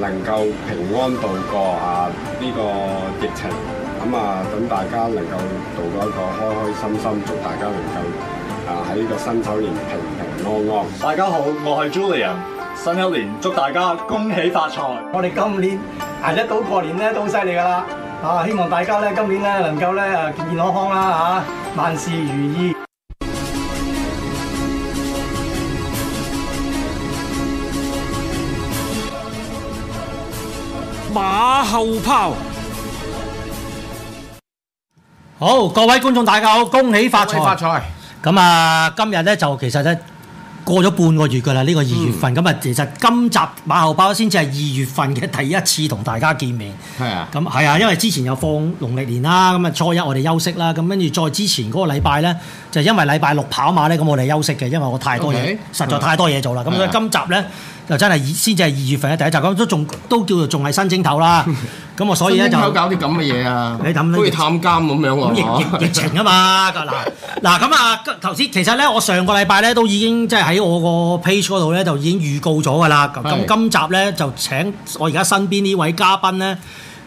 能夠平安渡過啊呢個疫情，咁啊等大家能夠渡過一個開開心心，祝大家能夠啊喺呢個新一年平平安安。大家好，我係 Julian，新一年祝大家恭喜發財。我哋今年捱得到過年咧都好犀利噶啦，啊希望大家咧今年咧能夠咧啊健健康康啦嚇、啊，萬事如意。後炮，好，各位觀眾大家好，恭喜發財，恭喜發財。咁啊，今日呢，就其實咧過咗半個月噶啦，呢、呢個二月份。咁啊、嗯，其實今集馬後炮先至係二月份嘅第一次同大家見面。係啊。咁係啊，因為之前有放農曆年啦，咁啊初一我哋休息啦，咁跟住再之前嗰個禮拜呢，就因為禮拜六跑馬呢，咁我哋休息嘅，因為我太多嘢，Okay? 實在太多嘢做啦。咁、啊、所以今集呢。就真係先至係二月份嘅第一集，咁都仲都叫做仲係新正頭啦。咁我 所以咧就搞啲咁嘅嘢啊，你等好似探監咁樣喎。咁疫疫情啊嘛，嗱嗱咁啊頭先其實咧，我上個禮拜咧都已經即係喺我個 page 嗰度咧就已經預告咗㗎啦。咁的今集咧就請我而家身邊呢位嘉賓咧。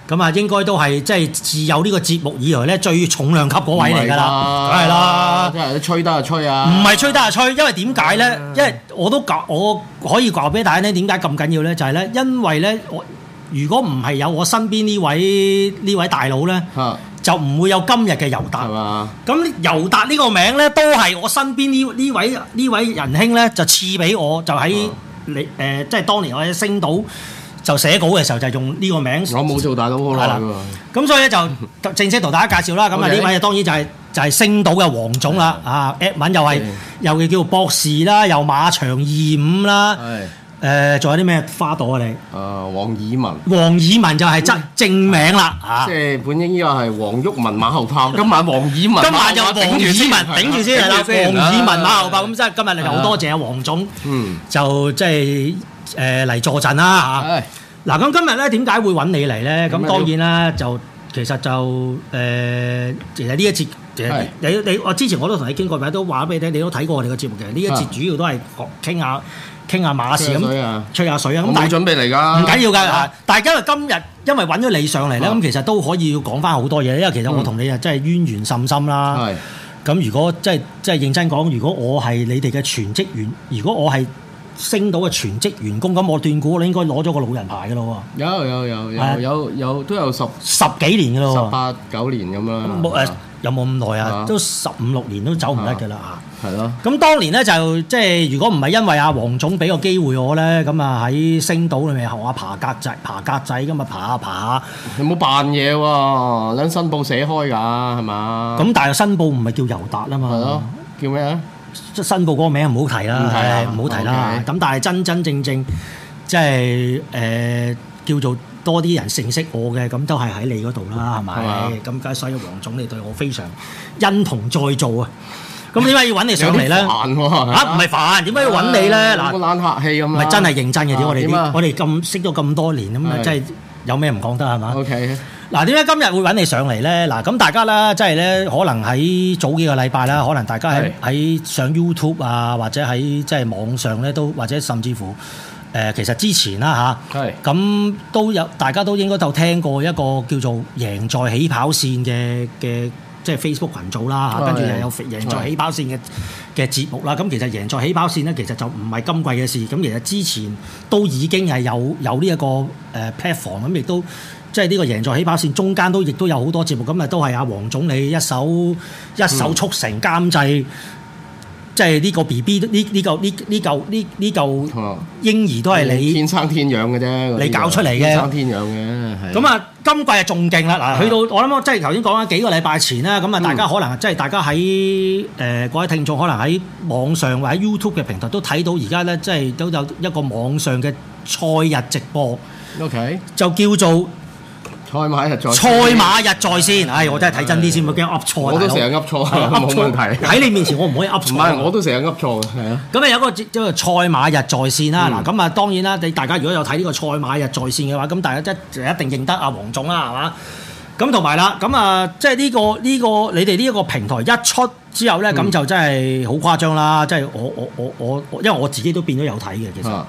咁啊，應該都係即係自有呢個節目以來咧最重量級嗰位嚟㗎啦，梗係啦、啊，即係吹得啊吹啊！唔係吹得啊吹，因為點解咧？的因為我都講我可以話俾大家聽，點解咁緊要咧？就係咧，因為咧，我如果唔係有我身邊呢位呢位大佬咧， 就唔會有今日嘅尤達。係嘛吧？咁尤達呢個名咧，都係我身邊呢呢位呢位仁兄咧，就賜俾我，就喺你誒，即係當年我喺星島。就寫稿嘅時候就用呢個名，我冇做大佬好耐㗎嘛。咁所以咧就正式同大家介紹啦。咁啊呢位就當然就係就係星島嘅黃總啦。啊 a 文又係又叫叫博士啦，又馬長二五啦。係誒，仲有啲咩花朵啊？你啊，黃爾文，黃爾文就係真正名啦。嚇，即係本應呢個係黃毓民馬後炮，今晚黃爾文，今晚就黃爾文頂住先啦。黃爾文馬後炮咁，即係今日你就好多謝黃總。嗯，就即係。誒嚟助陣啦嚇！嗱咁今日咧點解會揾你嚟咧？咁當然啦，就其實就誒，其實呢一節，其實你你我之前我都同你傾過，都話俾你聽，你都睇過我哋嘅節目。嘅。呢一節主要都係講傾下傾下馬事咁，吹下水啊！我冇準備嚟㗎，唔緊要㗎，大家今日因為揾咗你上嚟咧，咁其實都可以要講翻好多嘢。因為其實我同你啊，真係淵源甚深啦。咁如果真係真係認真講，如果我係你哋嘅全職員，如果我係星島嘅全職員工咁，我斷估你應該攞咗個老人牌，噶咯喎。有有有有有有，都有十十幾年噶咯。十八九年咁樣。冇，誒，有冇咁耐啊？都十五六年都走唔甩噶啦吓。係咯。咁當年咧就即係如果唔係因為阿黃總俾個機會我咧，咁啊喺星島裏邊學下爬格仔，爬格仔咁啊爬下爬下。你冇扮嘢喎，你新報寫開噶係嘛？咁但係新報唔係叫尤達啊嘛。係咯。叫咩啊？即申報嗰個名唔好提啦，係唔看好提啦。咁 Okay. 但係真真正正即係誒叫做多啲人認識我嘅，咁都係喺你嗰度啦，係咪？咁梗係，所以黃總你對我非常恩同再造啊！咁點解要揾你上嚟咧？嚇，唔係煩，點解要揾你咧？嗱唉，冇咁喏懶客氣咁啊！係真係認真嘅，點我哋啲、啊啊、我哋咁識咗咁多年，咁啊真係有咩唔講得係嘛？嗱，點解、啊、今日會揾你上嚟咧？嗱、啊，咁大家咧，即係咧，可能喺早幾個禮拜啦，可能大家喺喺的上 YouTube 啊，或者喺即係網上咧，都或者甚至乎誒、呃，其實之前啦、啊、嚇，咁都有大家都應該都聽過一個叫做贏在起跑線嘅嘅。即係 Facebook 群組啦，跟住又有贏在起跑線嘅嘅節目啦。咁其實贏在起跑線咧，其實就唔係今季嘅事。咁其實之前都已經係有有呢一個誒 platform，咁亦都即係呢個贏在起跑線中間都亦都有好多節目。咁啊，都係阿黃總理一手一手促成監製。嗯。即係呢個 B B，呢呢嚿呢呢嚿呢呢嚿嬰兒都係你天生天養嘅啫，你教出嚟嘅天生天養嘅。係。咁啊，今季啊仲勁啦！嗱，去到我諗，即係頭先講緊幾個禮拜前啦。咁啊，大家可能即係大家喺誒各位聽眾可能喺網上或者 YouTube 嘅平台都睇到而家咧，即係都有一個網上嘅賽日直播。OK，就叫做。賽馬日賽馬日在線，唉，我真係睇真啲先，唔好驚噏錯。我都成日噏錯，冇問題。喺你面前，我唔可以噏錯。唔係，我都成日噏錯啊。咁啊，有個即係賽馬日在線啦。嗱、哎，咁啊，當然啦，你大家如果有睇呢個賽馬日在線嘅話，咁大家一一定認得阿黃總啦，係嘛？咁同埋啦，咁啊，即係呢個呢、呢個你哋呢一個平台一出之後咧，咁、嗯、就真係好誇張啦！即、就、係、係、我我我我因為我自己都變咗有睇嘅其實。嗯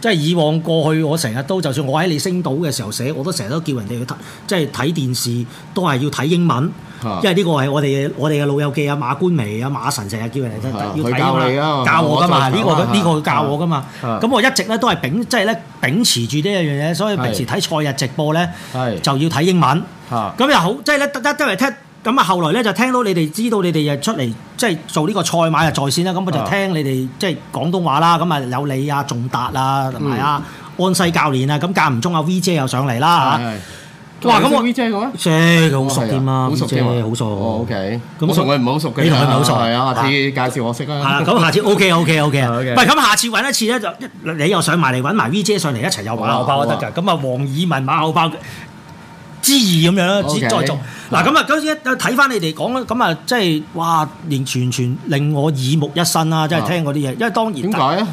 即係以往過去，我成日都就算我喺你星島嘅時候寫，我都成日都叫人哋去睇，即係睇電視都係要睇英文。啊、因為呢個係我哋我哋嘅老友記啊，馬官微啊，馬神成日叫人哋、啊、要睇教，啊、教我㗎嘛，呢、呢個呢、呢個教我㗎嘛。咁、啊啊、我一直咧都係秉即係咧秉持住呢一樣嘢，所以平時睇賽日直播咧、啊啊、就要睇英文。咁又好即係咧一因為聽。咁啊，後來咧就聽到你哋知道你哋誒出嚟即係做呢個賽馬啊，在線啦，咁我就聽你哋即係廣東話啦，咁啊有你啊，仲達啊，係啊，安西教練啊，咁間唔中啊 V 姐又上嚟啦吓？哇！咁我 V 姐嘅咩？姐佢好熟添啦，姐好熟。好熟，k 我熟佢唔好熟嘅，你同佢唔好熟。係啊，下次介紹我識啦。咁下次 OK OK，OK 喂，咁，下次揾一次咧就你又上埋嚟揾埋 V 姐上嚟一齊又馬後砲得嘅。咁啊，黃毓民馬後砲之二咁樣啦，再再續。嗱咁啊，今次一睇翻你哋講咁啊，即係、就是、哇，連全全令我耳目一新啦！即係聽嗰啲嘢，因為當然點解？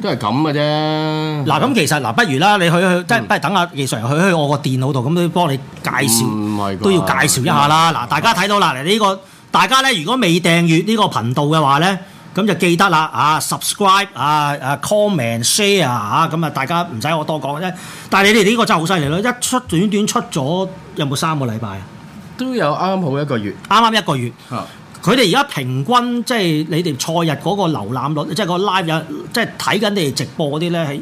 但都係咁嘅啫。嗱咁嗎其實嗱，不如啦，你去去即係，不如等下技術去去我個電腦度咁都幫你介紹，嗯、都要介紹一下啦。嗱、嗯這個，大家睇到啦，嚟呢個大家咧，如果未訂閲呢個頻道嘅話咧，咁就記得啦。啊，subscribe 啊，啊 comment share 啊，咁啊，大家唔使我多講嘅啫。但係你哋呢個真係好犀利咯！一出短短出咗有冇三個禮拜啊？嗯都有啱啱好一個月，啱啱一個月。佢哋而家平均即係你哋賽日嗰個瀏覽率，即係個 live 有即係睇緊你哋直播嗰啲咧，係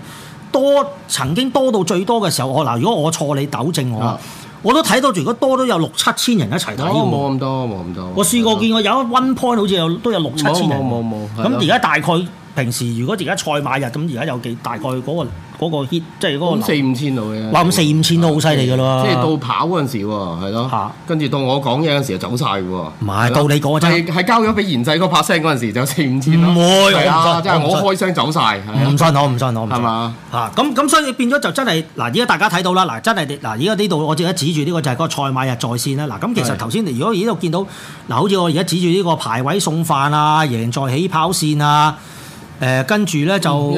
多曾經多到最多嘅時候，我嗱如果我錯你，你糾正我。啊、我都睇到如果多都有六七千人一齊睇，冇咁、啊、多，冇咁多。我試過見過對吧 有一 one point 好似有都有六七千人，冇冇。咁而家大概。平時如果而家賽馬日咁，而家有幾大概嗰、那個嗰、那個那個、hit，即係嗰四五千度嘅話，咁四五千都好犀利嘅咯。即係、啊、到跑嗰陣時喎，係是咯。嚇！跟住到我講嘢嗰陣時就走晒喎。唔係，到你講、那個、真係係交咗俾賢仔嗰拍聲嗰陣時就四五千咯。唔會是，係啊！真係我開聲走晒。唔信我信，唔信我信，係嘛吧？嚇、啊！咁咁所以變咗就真係嗱，而家大家睇到啦，嗱，真係嗱，而家呢度我而家指住呢個就係個賽馬日在線啦。嗱、啊，咁其實頭先你如果而家見到嗱，好似我而家指住呢個排位送飯啊，贏在起跑線啊。誒跟住咧就，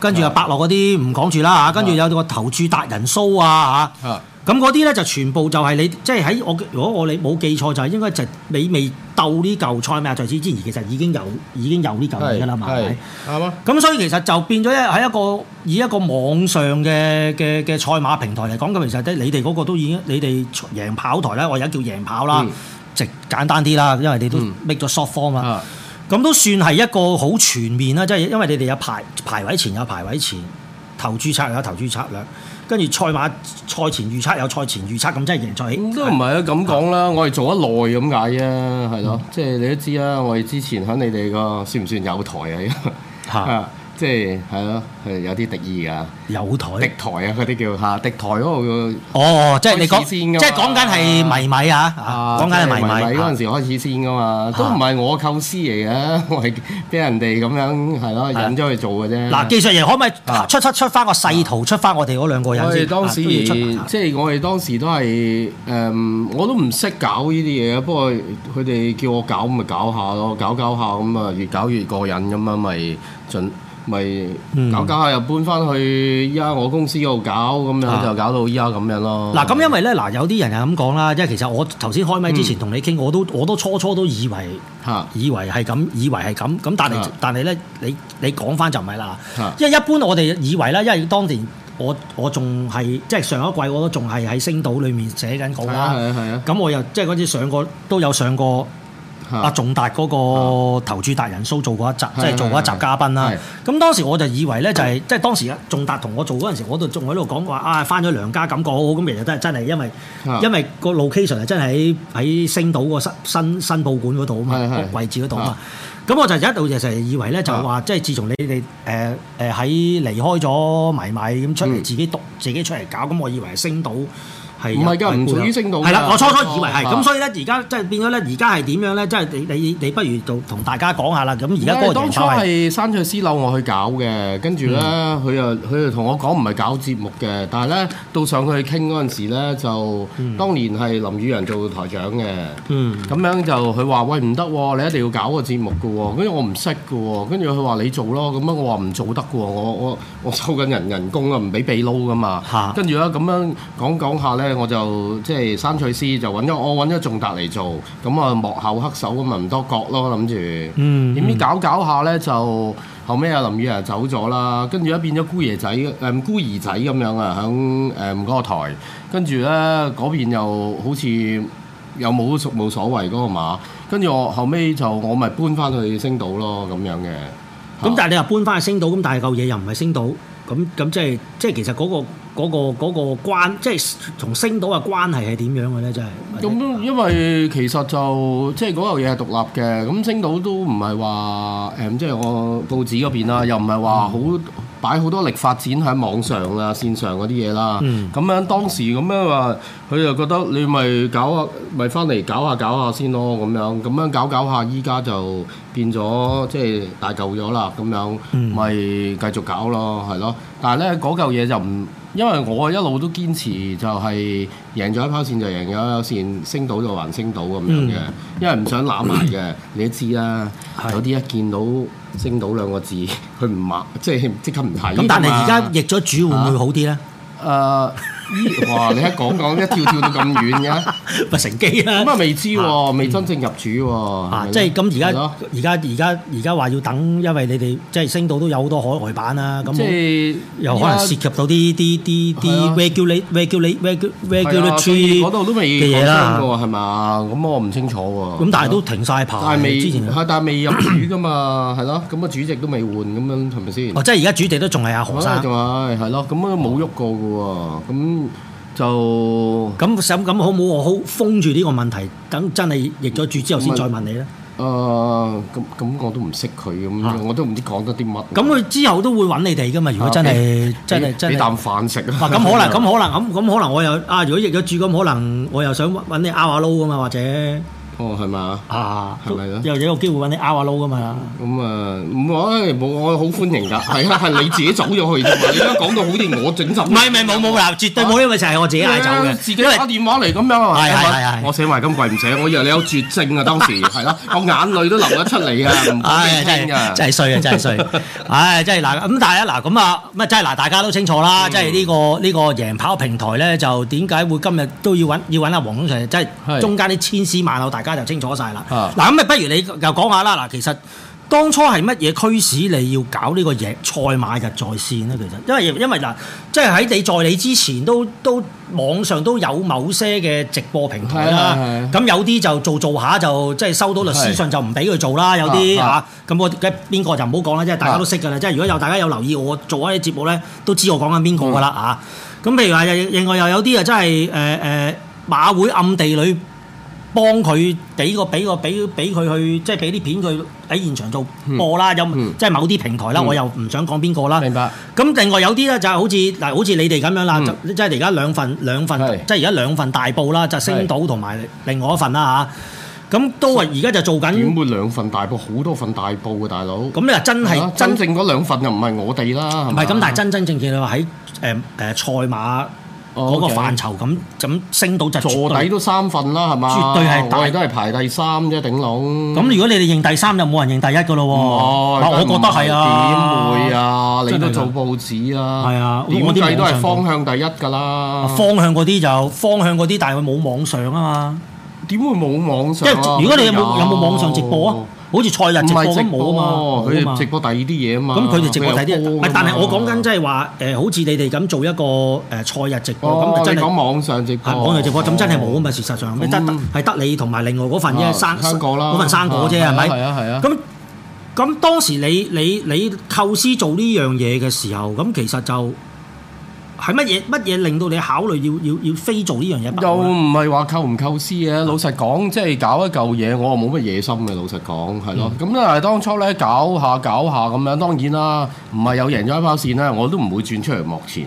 跟住阿伯樂嗰啲唔講住啦嚇，跟住有個投注達人 show 啊嚇，咁嗰啲咧就全部就係你，即係喺我如果我哋冇記錯就係應該就你未鬥呢嚿賽馬賽事之前，其實已經有已經有呢嚿嘢噶啦，係咪？咁所以其實就變咗喺一個以一個網上嘅嘅嘅賽馬平台嚟講嘅，其實你哋嗰個都已經你哋贏跑台，我而家叫贏跑啦，即係簡單啲啦，因為你都搣咗 soft 方啊。咁都算係一個好全面啦，即係因為你哋有排排位前有排位前，投注策略有投注策略，跟住賽馬賽前預測有賽前預測，咁真係贏在起。都唔係啊，咁講啦，我哋做得耐咁解啫，係咯、嗯，即係你都知啦，我哋之前喺你哋個算唔算有台啊？嚇！即係係咯，係有啲敵意噶，有台，敵台啊，嗰啲叫嚇，敵台嗰個哦，即係你講，即係講緊係迷米嚇，講緊係迷米嗰陣時開始先噶嘛，都唔係我構思嚟嘅，我係俾人哋咁樣係咯，引咗去做嘅啫。嗱，技術員可唔可以出出出翻個細圖出翻我哋嗰兩個人？我哋當時即係我哋當時都係誒，我都唔識搞呢啲嘢，不過佢哋叫我搞咪搞下咯，搞搞下咁啊，越搞越過癮咁樣咪準。咪搞搞下又搬翻去依家我公司嗰度搞，咁就、啊、就搞到依家咁樣咯、嗯。嗱，咁因為咧，嗱，有啲人係咁講啦，即係其實我頭先開咪之前同你傾，我都我都初初都以為，哈以為係咁，以為係咁，咁但係、啊、但係咧，你你講翻就唔係啦。啊、因為一般我哋以為咧，因為當年我我仲係即係上一季我都仲係喺星島裏面寫緊稿啦，咁、啊啊啊嗯、我又即係嗰次上過都有上過。阿、啊、仲達嗰個投注達人 show 做過一集，即係做過一集嘉賓啦。咁當時我就以為咧，就係即係當時，時啊，仲達同我做嗰陣時，我就仲喺度講話啊，返咗娘家感覺好好。咁其實都係真係，因為因為個 location 係真係喺喺星島個新新新報館嗰度啊嘛，是是是個位置嗰度啊嘛。咁是我就一度就成日以為咧，就話即係自從你哋誒誒喺離開咗謎米咁出嚟自己獨自己出嚟搞，咁我以為係星島。唔係㗎，唔屬於升度嘅。係啦，我初初以為係，咁所以咧，而家即係變咗咧，而家係點樣咧？即係你你你，你不如就同大家講下啦。咁而家當初係山翠私樓，我去搞嘅，呢嗯、跟住咧，佢又佢又同我講唔係搞節目嘅，但係咧到上去傾嗰陣時咧，就當年係林宇陽做台長嘅，咁、嗯、樣就佢話喂唔得、喔，你一定要搞個節目嘅、喔，跟住、嗯、我唔識嘅，跟住佢話你做咯，咁樣我話唔做得嘅，我我我收緊人人工啊，唔俾秘撈㗎嘛，跟住咧咁樣講一講,講一下咧。講一講一下我就即係三翠師就揾咗我，揾咗仲達嚟做，咁啊幕後黑手咁咪唔多覺咯，諗住點知搞搞下咧，就後尾阿林宇啊走咗啦，跟住而家變咗姑爺仔誒姑兒仔咁、呃、樣啊，響誒嗰個台，跟住咧嗰邊又好似又冇冇所謂嗰個馬，跟住我後尾就我咪搬翻去星島咯咁樣嘅。咁但係你話搬翻去星島，咁、嗯、但係嚿嘢又唔係星島，咁咁即係即係其實嗰、嗰個。嗰個嗰個關，即係同星島嘅關係係點樣嘅咧？真係咁，因為其實就即係嗰樣嘢係獨立嘅，咁星島都唔係話誒，即係我報紙嗰邊啦，又唔係話好。嗯擺好多力發展喺網上啊、線上嗰啲嘢啦，咁樣、嗯、當時咁樣話，佢就覺得你咪搞，搞下，咪翻嚟搞下、搞下先咯，咁樣咁樣搞一搞一下，依家就變咗即係大舊咗啦，咁樣咪、嗯、繼續搞咯，係咯。但係咧嗰嚿嘢就唔，因為我一路都堅持就係贏咗一跑線就贏咗，有線升到就還升到咁樣嘅，嗯、因為唔想攬埋嘅，嗽你都知啦。有啲一見到的。升到兩個字，佢唔抹，即係即刻唔睇。咁但係而家譯咗主、啊、會唔會好啲咧？誒。啊哇！你一講講一跳跳到咁遠嘅，咪乘機啊！咁啊未知喎，未真正入主喎。即係咁而家，而家而家而家話要等，因為你哋即係星島都有好多海外版啦。咁即係又可能涉及到啲啲啲啲 regulate regulate regulate 嘅嘢啦。係嘛？咁我唔清楚喎。咁但係都停晒牌。但係未之前，但係未入主㗎嘛？係咯。咁個主席都未換，咁樣係咪先？即係而家主席都仲係阿何生。仲係係咯。咁啊冇喐過㗎喎。咁嗯、就咁想咁好冇，好封住呢個問題，等真係譯咗住之後先再問你咧。誒，咁咁我都唔識佢咁，啊、我都唔知講得啲乜。咁佢、啊、之後都會揾你哋噶嘛？如果真係真係真係俾啖飯食啊！咁、啊、可能咁 可能咁咁可能我又啊！如果譯咗住咁，可能我又想揾揾你阿瓦撈啊嘛，或者。哦，係嘛？啊，係咪咧？又有個機會揾你阿華撈㗎嘛！咁啊，唔啊，我好歡迎㗎，係啊，係你自己走咗去啫嘛，你都講到好啲，我整陣。唔係唔係，冇冇喇，絕對冇，因為就係我自己嗌走嘅，自己打電話嚟咁樣。係係係，我寫埋金櫃唔寫，我以為你有絕症啊！當時係啦，我眼淚都流得出嚟啊。唉，真係真係衰啊，真係衰！唉，真係嗱咁，但係啊嗱咁啊，咁啊真係嗱？大家都清楚啦，即係呢個呢個贏跑平台咧，就點解會今日都要揾要揾阿黃總成？係中間啲千絲萬縷家就清楚晒啦。嗱咁啊，不如你又講下啦。嗱，其實當初係乜嘢驅使你要搞呢個嘢賽馬日在線咧？其實，因為因為嗱，即係喺你在你之前都都網上都有某些嘅直播平台啦。咁是有啲就做做下就即係收到律師信是是就唔俾佢做啦。有啲嚇咁我嘅邊個就唔好講啦。即係大家都識噶啦。即係是是 如果有大家有留意我做嗰啲節目咧，都知我講緊邊個噶啦嚇。咁的、嗯、譬如話，另外又有啲啊，真係誒誒馬會暗地裏。幫佢俾個俾個俾俾佢去，即係俾啲片佢喺現場做播啦，有即係某啲平台啦，我又唔想講邊個啦。明白。咁另外有啲咧就係好似嗱，好似你哋而家咁樣啦，即係而家兩份兩份，即係而家兩份大報啦，就星島同埋另外一份啦吓，咁都係而家就做緊。點會兩份大報好多份大報嘅大佬？咁你話真係真正嗰兩份又唔係我哋啦，唔係咁，但係真真正正你話喺誒誒賽馬嗰個範疇咁，咁 Okay. 升到就坐底都三份啦，係嘛？絕對係大都係排第三啫，頂籠。咁如果你哋認第三，就冇人認第一噶咯喎。我覺得係啊，點會啊？你都做報紙啊？係啊，點計都係方向第一㗎啦，啊。方向嗰啲就方向嗰啲，但係佢冇網上啊嘛。點會冇網上，啊？即係如果你有冇有冇、啊、網上直播啊？好似賽日直播咁，冇啊嘛，佢哋直播第二啲嘢啊嘛。咁佢哋直播第啲，唔係，但係我講緊即係話，誒好似你哋咁做一個誒賽日直播咁，真係講網上直播。網上直播咁真係冇啊嘛，事實上真係得你同埋另外嗰份啫，生嗰份生果啫，係咪？係啊，係啊。咁咁當時你你你構思做呢樣嘢嘅時候，咁其實就。係乜嘢？乜嘢令到你考慮要要要非做呢樣嘢？又唔係話構唔構思嘅，老實講，即係搞一嚿嘢，我又冇乜野心嘅，老實講，係咯。咁咧，當初呢，搞下搞下咁樣，當然啦，唔係有贏咗一跑線啦，我都唔會轉出嚟幕前。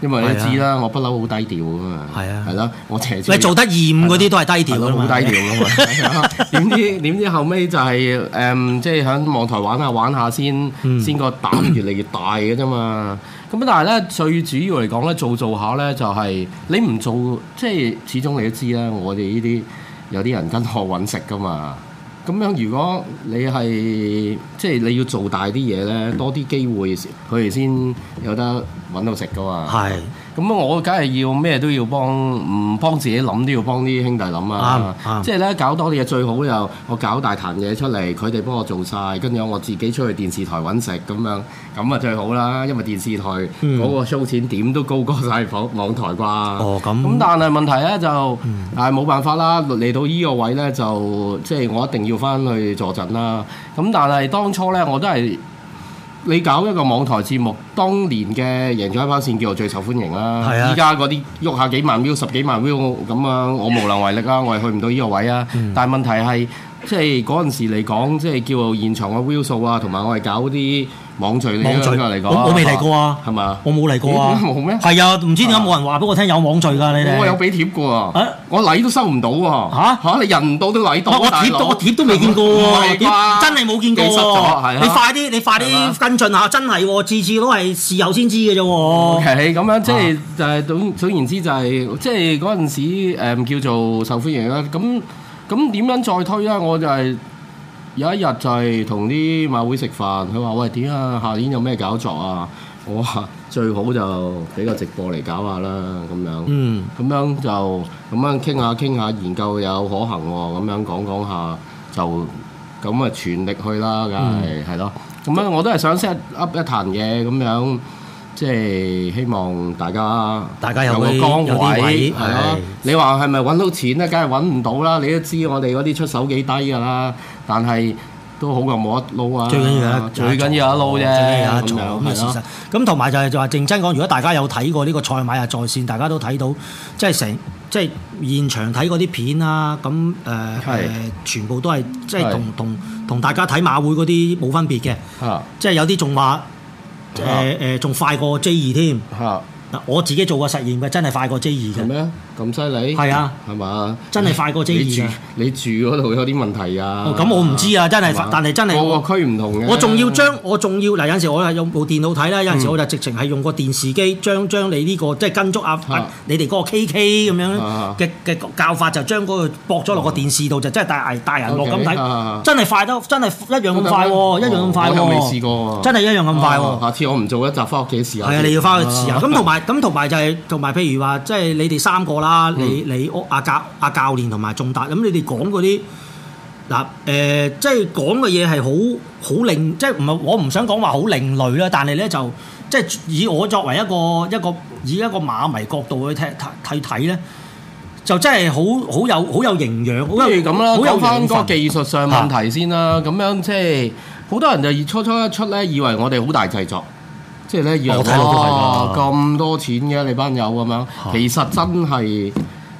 因為你知啦，啊、我不嬲好低調噶嘛，係啊，係咯、啊，我謝謝。你做得厭嗰啲都係低調咯，好、啊啊啊、低調嘛，點知點知後尾就係、是、誒，即係喺網台玩下玩下先，先個膽越嚟越大嘅啫嘛。咁但係咧，最主要嚟講咧，做做下咧，就係、是、你唔做，即係始終你都知啦，我哋呢啲有啲人跟學揾食噶嘛。咁樣如果你係即係你要做大啲嘢呢，多啲機會，佢哋先有得揾到食㗎嘛。咁我梗係要咩都要幫，唔幫自己諗都要幫啲兄弟諗啊！即係咧，搞多啲嘢最好又我搞大壇嘢出嚟，佢哋幫我做晒，跟住我自己出去電視台揾食咁樣，咁啊最好啦，因為電視台嗰、嗯、個騷錢點都高過晒網網台啩。哦，咁但係問題呢，就，嗯、但冇辦法啦，嚟到呢個位呢，就即係、就是、我一定要翻去坐陣啦。咁但係當初呢，我都係。你搞一個網台節目，當年嘅贏咗一包線叫做最受歡迎啦、啊。依家嗰啲喐下幾萬 view、十幾萬 view、咁啊，我無能為力㗎、啊，我係去唔到依個位啊。嗯、但係問題係。即係嗰陣時嚟講，即係叫現場嘅 view 數啊，同埋我係搞啲網聚嚟講。我我未嚟過啊，係咪？我冇嚟過啊，冇咩？係啊，唔知點解冇人話俾我聽有網聚㗎，你哋。我有俾貼過啊，我禮都收唔到啊。嚇嚇，你人多都禮到我，我貼都我貼都未見過喎，真係冇見過喎。你快啲，你快啲跟進下，真係次次都係事後先知嘅啫。OK，咁樣即係就係總總言之就係即係嗰陣時誒叫做受歡迎啦咁。咁點樣再推咧？我就係有一日就係同啲馬會食飯，佢話喂點啊，下年有咩搞作啊？我話最好就畀個直播嚟搞下啦，咁樣。嗯。咁樣就咁樣傾下傾下，研究有可行喎，哦，咁樣講講下就咁啊，全力去啦，梗係係咯。咁咧、嗯、我都係想 set up 一壇嘢。咁樣。即係希望大家，大家有個崗位，係咯。你話係咪揾到錢咧？梗係揾唔到啦。你都知我哋嗰啲出手幾低㗎喇。但係都好過冇得撈啊！最緊要最緊要一撈啫，咁樣啊！咁同埋就係就話正真講，如果大家有睇過呢個賽馬啊，在線大家都睇到，即係成即係現場睇嗰啲片啊，咁誒誒，全部都係即係同同同大家睇馬會嗰啲冇分別嘅。即係有啲仲話。誒誒，仲快過 J2 添。我自己做過實驗嘅，真係快過 J2 嘅。咁犀利？係啊，係嘛？真係快過 J2。你住你住嗰度有啲問題啊？咁我唔知啊，真係，但係真係個區唔同嘅。我仲要將我仲要嗱，有陣時我係用部電腦睇啦，有陣時我就直情係用個電視機將將你呢個即係跟足阿你哋嗰個 KK 咁樣嘅嘅教法，就將嗰個駁咗落個電視度，就真係大大人落咁睇，真係快得真係一樣咁快，一樣咁快。我未試過喎。真係一樣咁快喎！下次我唔做一集，翻屋企試下。係啊，你要翻去試下。咁同埋。咁同埋就係同埋，譬如話，即係你哋三個啦，嗯，你你阿、啊、教阿、啊、教練同埋尤達，咁你哋講嗰啲嗱誒，即係講嘅嘢係好好另，即係唔係我唔想講話好另類啦，但係咧就即係以我作為一個一個以一個馬迷角度去睇睇睇咧，就真係好好有好有營養，好似咁啦，好有講返個技術上問題先啦，咁樣即係好多人就初初一出咧，以為我哋好大製作。即係咧，哇！咁多錢嘅你班友咁樣，的其實真係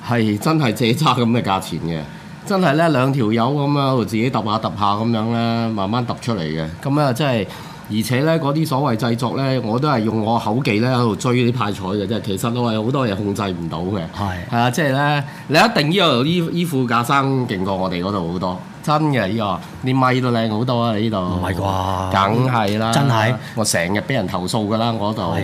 係的真係借己揸咁嘅價錢嘅，真係咧兩條友咁樣，喺度自己揼下揼下咁樣咧，慢慢揼出嚟嘅。咁啊，即係而且咧，嗰啲所謂製作咧，我都係用我口技咧喺度追啲派彩嘅，即係其實都係好多嘢控制唔到嘅。係係的啊，即係咧，你一定依個依依副架生勁過我哋嗰度好多。真嘅，呢個你麥都靚好多啊！呢度唔係啩，梗係啦，真係的我成日畀人投訴㗎啦，我度。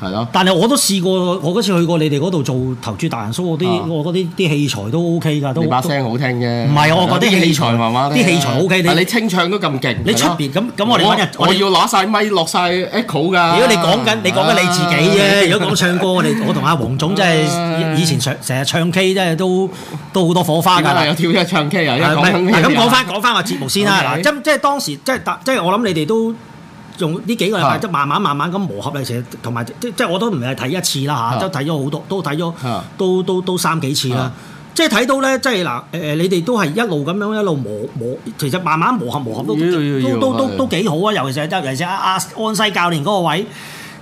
係咯，但係我都試過，我嗰次去過你哋嗰度做投注大賢書，我啲我嗰啲啲器材都 O K 㗎，都你把聲好聽啫。唔係，我嗰啲器材嘛，啲器材 O K。但你清唱都咁勁，你出邊，咁咁我哋嗰日我要攞晒咪落晒 echo 㗎。如果你講緊你講緊你自己啫，如果講唱歌，我哋我同阿黃總真係以前成日唱 K 真係都都好多火花㗎啦。有跳一唱 K 又一講。咁講翻講翻話節目先啦，即即當時即即我諗你哋都。用呢幾個禮拜，即慢慢慢慢咁磨合你其實同埋即即係我都唔係睇一次啦嚇，啊啊、都睇咗好多，都睇咗、啊，都都都三幾次啦。即係睇到咧，即係嗱誒，你哋都係一路咁樣一路磨磨，其實慢慢磨合磨合都都都都幾好啊！尤其是尤其是阿安西教練嗰個位，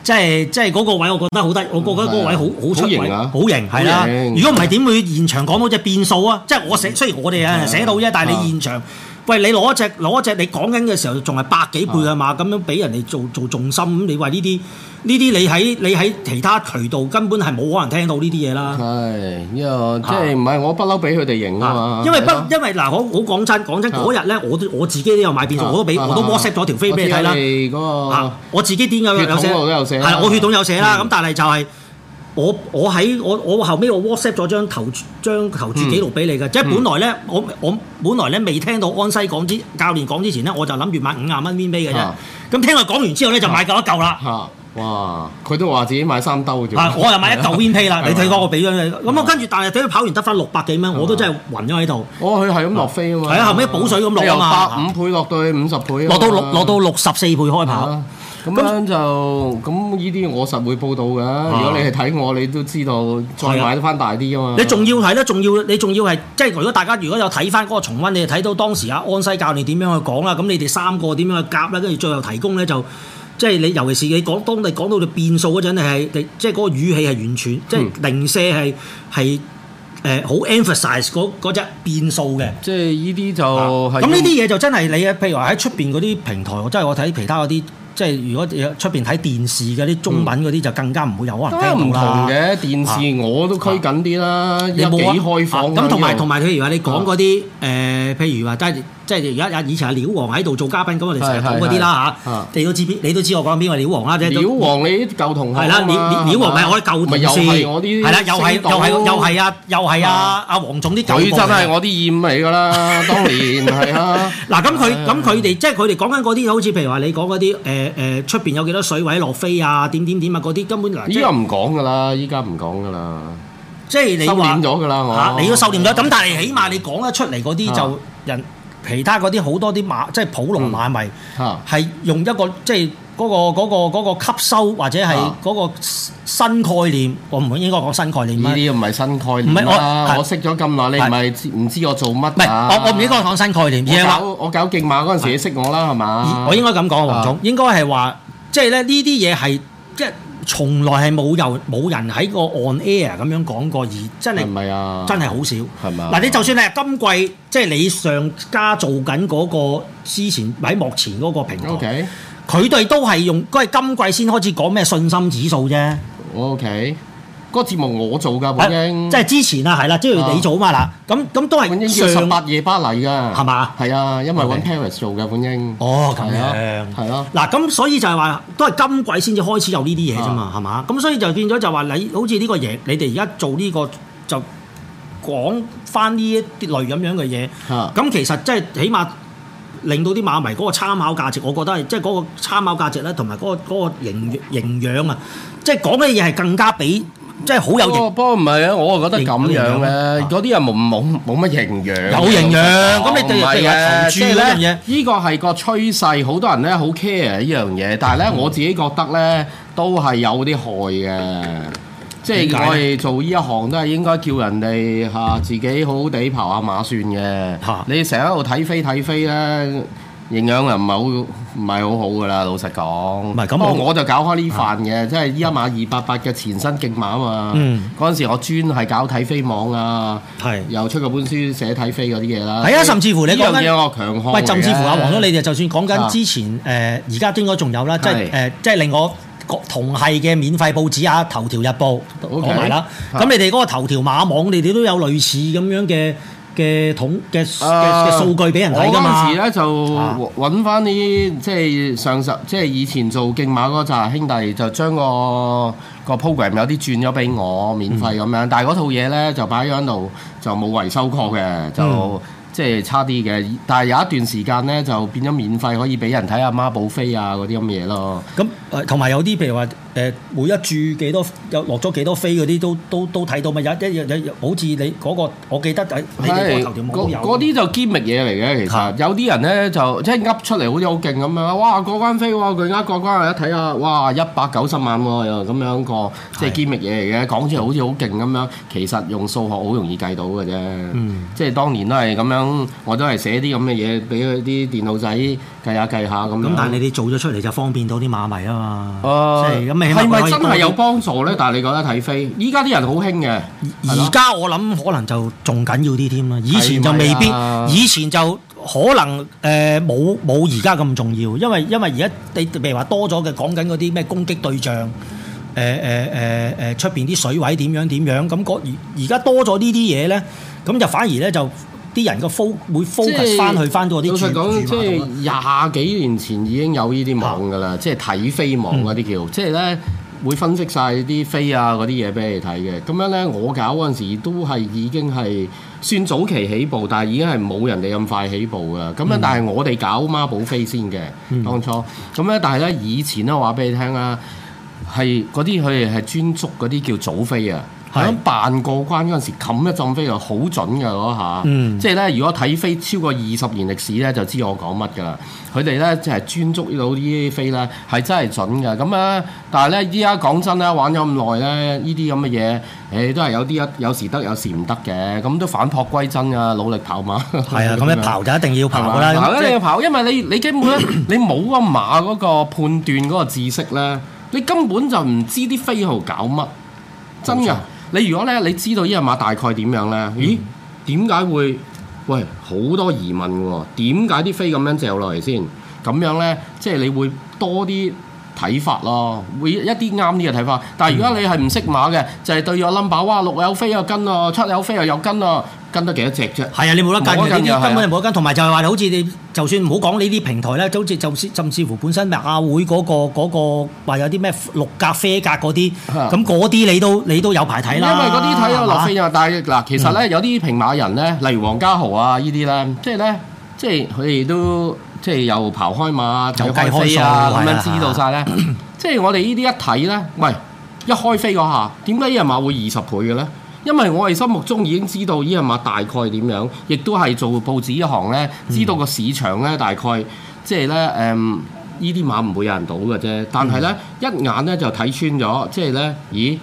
即係即係嗰個位我，我覺得好得，我覺得嗰個位好好出位，好型係、啊、啦。如果唔係點會現場講到只變數啊？即係我寫雖然我哋啊寫到啫，啊啊、但係你現場。喂，你攞隻攞隻，你講緊嘅時候仲係百幾倍啊嘛，咁樣俾人哋做做重心，咁你話呢啲呢啲你喺你喺其他渠道根本係冇可能聽到呢啲嘢啦。係，因為即係唔係我不嬲俾佢哋影啊嘛。因為不因為嗱我我講真講真嗰日咧，我我自己都有買變數我都俾我都 WhatsApp 咗條飛俾你睇啦。我我自己點嘅？血統有寫。我血統有寫啦，咁但係就係。我我喺我我後尾我 WhatsApp 咗張投張投注記錄俾你嘅，即係本來咧我我本來咧未聽到安西講之教練講之前咧，我就諗住買五廿蚊 WinPay 嘅啫。咁聽佢講完之後咧，就買夠一嚿啦。嚇！哇！佢都話自己買三兜，我又買一嚿 WinPay 啦。你睇我我俾咗你。咁我跟住，但係點知佢跑完得翻六百幾蚊，我都真係暈咗喺度。哦，佢係咁落飛啊嘛。係啊，後尾補水咁落五倍落到去五十倍。落到六落到六十四倍開跑。咁樣就咁呢啲我實會報道㗎。啊、如果你係睇我，你都知道再買得翻大啲啊嘛！你仲要係啦，仲要你仲要係即係如果大家如果有睇翻嗰個重溫，你就睇到當時阿安西教練點樣去講啦，咁你哋三個點樣去夾啦，跟住最後提供咧就即係你尤其是你講當你講到變數嗰陣，係即係嗰個語氣係完全即係、嗯、零舍係係誒好、呃、emphasize 嗰嗰隻、那個、變數嘅。即係呢啲就咁呢啲嘢就真係你譬如話喺出邊嗰啲平台，即、就、係、是、我睇其他嗰啲。即係如果出邊睇電視嘅啲中文嗰啲、嗯、就更加唔會有人能聽唔同嘅，啊、電視我都拘謹啲啦，你冇、啊、幾開放咁同埋同埋，譬如話你講嗰啲誒，譬如話即即係而家以前阿廖王喺度做嘉賓咁，我哋成日講嗰啲啦吓，你都知邊，你都知我講邊個廖王啦，即係廖王，你舊同學係啦，廖王唔係我舊同事，係啦，又係又係又係啊！又係啊！阿黃總啲舊同學，佢真係我啲厭嚟㗎啦，當年係啊。嗱咁佢咁佢哋即係佢哋講緊嗰啲好似譬如話你講嗰啲誒誒出邊有幾多水位落飛啊？點點點啊！嗰啲根本嗱，依家唔講㗎啦，依家唔講㗎啦，即係你咗話，你都收斂咗咁，但係起碼你講得出嚟嗰啲就人。其他嗰啲好多啲馬，即係普龍馬迷，係、嗯、用一個即係嗰個嗰、嗰個嗰個嗰個吸收或者係嗰個新概念，我唔應該講新概念。呢啲又唔係新概念。唔係我我識咗咁耐，是你唔係唔知我做乜？唔係我我唔應該講新概念。我搞我搞競馬嗰陣時，是你識我啦係嘛？我應該咁講，黃總應該係話，即係咧呢啲嘢係即係。即從來係冇有冇人喺個 on air 咁樣講過，而真係唔係啊，真係好少係嘛？嗱、啊，你就算係今季，即係你上家做緊嗰個之前喺幕前嗰個平台，佢哋 Okay. 都係用，都係今季先開始講咩信心指數啫。OK。個節目我做㗎，本英即係、啊就是、之前、就是、啊，係啦，即係你做啊嘛嗱，咁咁都係上八夜巴黎㗎，係嘛吧？係啊，因為揾 Paris 做嘅本英。本英哦，咁樣係咯、啊。嗱、啊，咁、啊啊、所以就係話，都係今季先至開始有呢啲嘢啫嘛，係嘛、啊？咁所以就變咗就話你，好似呢個嘢，你哋而家做呢、這個就講翻呢一啲類咁樣嘅嘢。咁、啊、其實即係起碼令到啲馬迷嗰個參考價值，我覺得係即係嗰個參考價值咧，同埋嗰個嗰個營養啊，即係講嘅嘢係更加比。即係好有營、啊，不過唔係啊！我就覺得咁樣咧，嗰啲人冇冇冇乜營養。營養有營養，咁你日日同住呢？呢個係個趨勢，好多人咧好 care 呢樣嘢，但係咧、嗯、我自己覺得咧都係有啲害嘅。即係我哋做呢一行都係應該叫人哋嚇自己好好地跑下馬算嘅。啊、你成日喺度睇飛睇飛咧～營養又唔係好唔係好好㗎啦，老實講。唔係咁，我我就搞開呢份嘅，即係依家馬二八八嘅前身競馬啊嘛。嗯。嗰陣時我專係搞睇飛網啊，係又出過本書寫睇飛嗰啲嘢啦。係啊，甚至乎你講緊嘢我強項喂，甚至乎阿黃總，你哋就算講緊之前誒，而家應該仲有啦，即係誒，即係令我同係嘅免費報紙啊，頭條日報同埋啦。咁你哋嗰個頭條馬網，你哋都有類似咁樣嘅。嘅統嘅嘅數據俾、呃、人睇㗎嘛，嗰陣時咧就揾翻啲即係上十，即係以前做競馬嗰紮兄弟就將個個 program 有啲轉咗俾我免費咁樣，嗯、但係嗰套嘢咧就擺咗喺度就冇維修過嘅，就、嗯、即係差啲嘅。但係有一段時間咧就變咗免費可以俾人睇阿媽寶飛啊嗰啲咁嘅嘢咯。咁誒同埋有啲譬如話。誒每一注幾多，多有落咗幾多飛嗰啲都都都睇到咪？一一日日好似你嗰個，我記得喺你哋個頭條啲就揭秘嘢嚟嘅，其實有啲人咧就即係噏出嚟好似好勁咁樣，哇、那個、過關飛喎！佢而家過關，一睇下哇一百九十萬喎，又咁樣個即係揭秘嘢嚟嘅，講出嚟好似好勁咁樣，其實用數學好容易計到嘅啫。嗯、即係當年都係咁樣，我都係寫啲咁嘅嘢俾佢啲電腦仔計下計下咁。咁但係你哋做咗出嚟就方便到啲馬迷啊嘛。啊係咪真係有幫助咧？但係你覺得睇飛，依家啲人好興嘅。而家我諗可能就仲緊要啲添啦。以前就未必，係咪啊、以前就可能誒冇冇而家咁重要，因為因為而家你譬如話多咗嘅講緊嗰啲咩攻擊對象，誒誒誒誒出邊啲水位點樣點樣咁而而家多咗呢啲嘢咧，咁就反而咧就。啲人個 follow 會 follow 翻去翻到啲老實講，即係廿幾年前已經有呢啲網噶啦，嗯、即係睇飛網嗰啲叫，嗯、即係咧會分析晒啲飛啊嗰啲嘢俾你睇嘅。咁樣咧，我搞嗰陣時都係已經係算早期起步，但係已經係冇人哋咁快起步噶。咁樣、嗯、但係我哋搞孖寶飛先嘅，嗯、當初咁咧，但係咧以前咧話俾你聽啦，係嗰啲佢哋係專捉嗰啲叫早飛啊。喺扮過關嗰陣時，冚一撞飛就好準㗎嗰下，嗯、即係咧。如果睇飛超過二十年歷史咧，就知我講乜㗎啦。佢哋咧即係專捉到啲飛咧，係真係準㗎。咁啊，但係咧，依家講真啦，玩咗咁耐咧，呢啲咁嘅嘢，誒、欸、都係有啲有時得，有時唔得嘅。咁都反璞歸真㗎，努力跑馬。係啊，咁你跑就一定要跑啦。一定要跑，因為你你根本咳咳你冇個馬嗰個判斷嗰個知識咧，你根本就唔知啲飛，飛號搞乜。真㗎。你如果咧，你知道呢隻馬大概點樣咧？咦，點解會？喂，好多疑問喎，點解啲飛咁樣掉落嚟先？咁樣咧，即係你會多啲睇法咯，會一啲啱啲嘅睇法。但係如果你係唔識馬嘅，就係、是、對住 number，哇，六有飛又跟啊，七有飛又跟啊。跟得幾多隻啫？係啊，你冇得跟，得跟根本就冇得跟。同埋、啊、就係、是、話，好似你就算唔好講呢啲平台咧，就好似就，就甚至乎本身嗱亞會嗰、那個話、那個那個、有啲咩六格啡格嗰啲，咁嗰啲你都你都有排睇啦。因為嗰啲睇落飛啊，但係嗱，其實咧有啲平馬人咧，例如黃家豪啊呢啲咧，即係咧即係佢哋都即係又刨開馬，走計飛啊咁、啊、這樣啊知道晒咧。 即係我哋呢啲一睇咧，喂，一開飛嗰下，點解啲人馬會二十倍嘅咧？因為我哋心目中已經知道呢隻馬大概點樣，亦都係做報紙一行呢，知道個市場呢，大概，嗯、即係呢，誒、嗯，依啲馬唔會有人賭嘅啫。但係呢，一眼呢就睇穿咗，即係呢，咦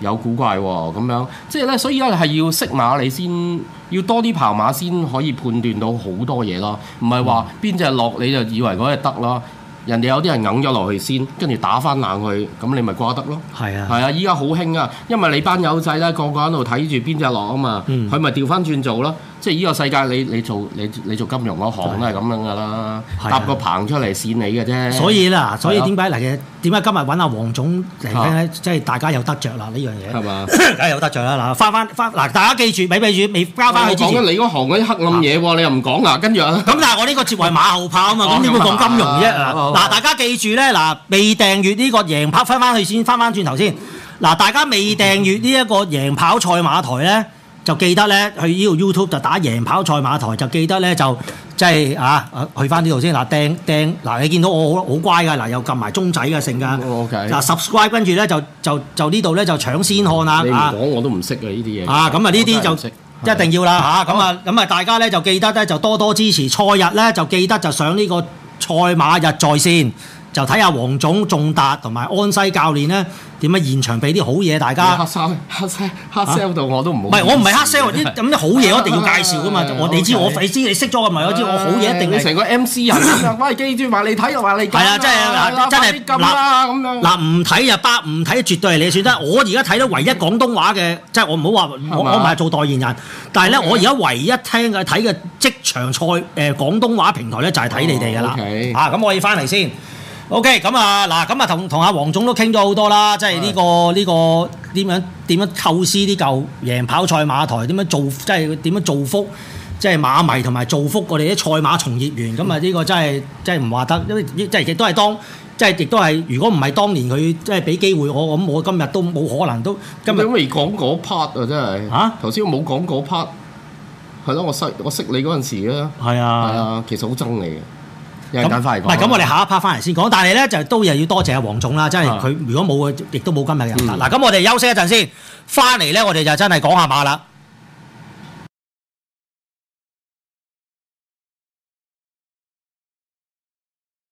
有古怪喎、哦、咁樣，即係呢，所以咧係要識馬你，你先要多啲跑馬先可以判斷到好多嘢咯。唔係話邊隻落你就以為嗰隻得咯。人哋有啲人揞咗落去先，跟住打翻冷去，咁你咪瓜得咯。係啊，係啊，依家好興啊，因為你班友仔咧個個喺度睇住邊隻落啊嘛，佢咪調翻轉做咯。即係呢個世界，你你做你你做金融嗰行都係咁樣噶啦，搭個棚出嚟試你嘅啫。所以啦，所以點解嚟嘅？點解今日揾阿黃總嚟咧？即係大家有得着啦呢樣嘢，係嘛？梗係有得着啦嗱，翻翻翻嗱，大家記住，記住未交翻去之前。你嗰行嗰啲黑暗嘢喎，你又唔講啊？跟住啊。咁但係我呢個接為馬後炮啊嘛，咁點會講金融啫？嗱，大家記住咧，嗱，未訂閲呢個贏跑翻翻去先翻翻轉頭先。嗱，大家未訂閲呢一個贏跑賽馬台咧。就記得咧，去呢度 YouTube 就打贏跑賽馬台，就記得咧就即係啊，去翻呢度先嗱，叮叮嗱你見到我好，好乖㗎，嗱、啊、又撳埋鐘仔嘅性㗎，嗱 subscribe 跟住咧就就就呢度咧就搶先看啊，你唔講我都唔識啊呢啲嘢，啊咁啊呢啲就一定要啦嚇，咁 Okay, 啊咁的啊，啊，啊大家咧就記得咧就多多支持，賽日咧就記得就上呢個賽馬日在線。就睇下黃總、尤達同埋安西教練咧點樣現場俾啲好嘢大家。黑衫、黑黑 sell 到我都唔好。唔係我唔係黑 sell，啲咁啲好嘢我一定要介紹噶嘛。我哋知我你知你識咗我咪，我知我好嘢一定。要成個 M C 人。反正記住埋你睇同埋你。係啊，真係真係嗱咁樣嗱唔睇就巴唔睇，絕對係你算得。我而家睇到唯一廣東話嘅，即係我唔好話我唔係做代言人，但係咧我而家唯一聽嘅睇嘅職場賽誒廣東話平台咧就係睇你哋噶啦啊！咁我要翻嚟先。O.K. 咁啊，嗱，咁啊，同同阿黃總都傾咗好多啦，即係呢、呢個呢是的、呢個點樣點樣構思啲嚿贏跑賽馬台，點樣做即係點樣造福，即係馬迷同埋造福，我哋啲賽馬從業員，咁啊呢個真係真係唔話得，因為呢即係亦都係當即係亦都係，如果唔係當年佢即係俾機會我，咁我今日都冇可能都今日都未講嗰 part 啊，真係嚇！頭先我冇講嗰 part，係咯，我識我識你嗰陣時啊，係啊，係啊，其實好憎你嘅。唔係，咁我哋下一 part 翻嚟先講， 但係呢就都要多謝阿黃總啦，即係 佢如果冇嘅，亦都冇今日嘅今日。嗱，咁 我哋休息一陣先，翻嚟咧，我哋就真係講下馬啦。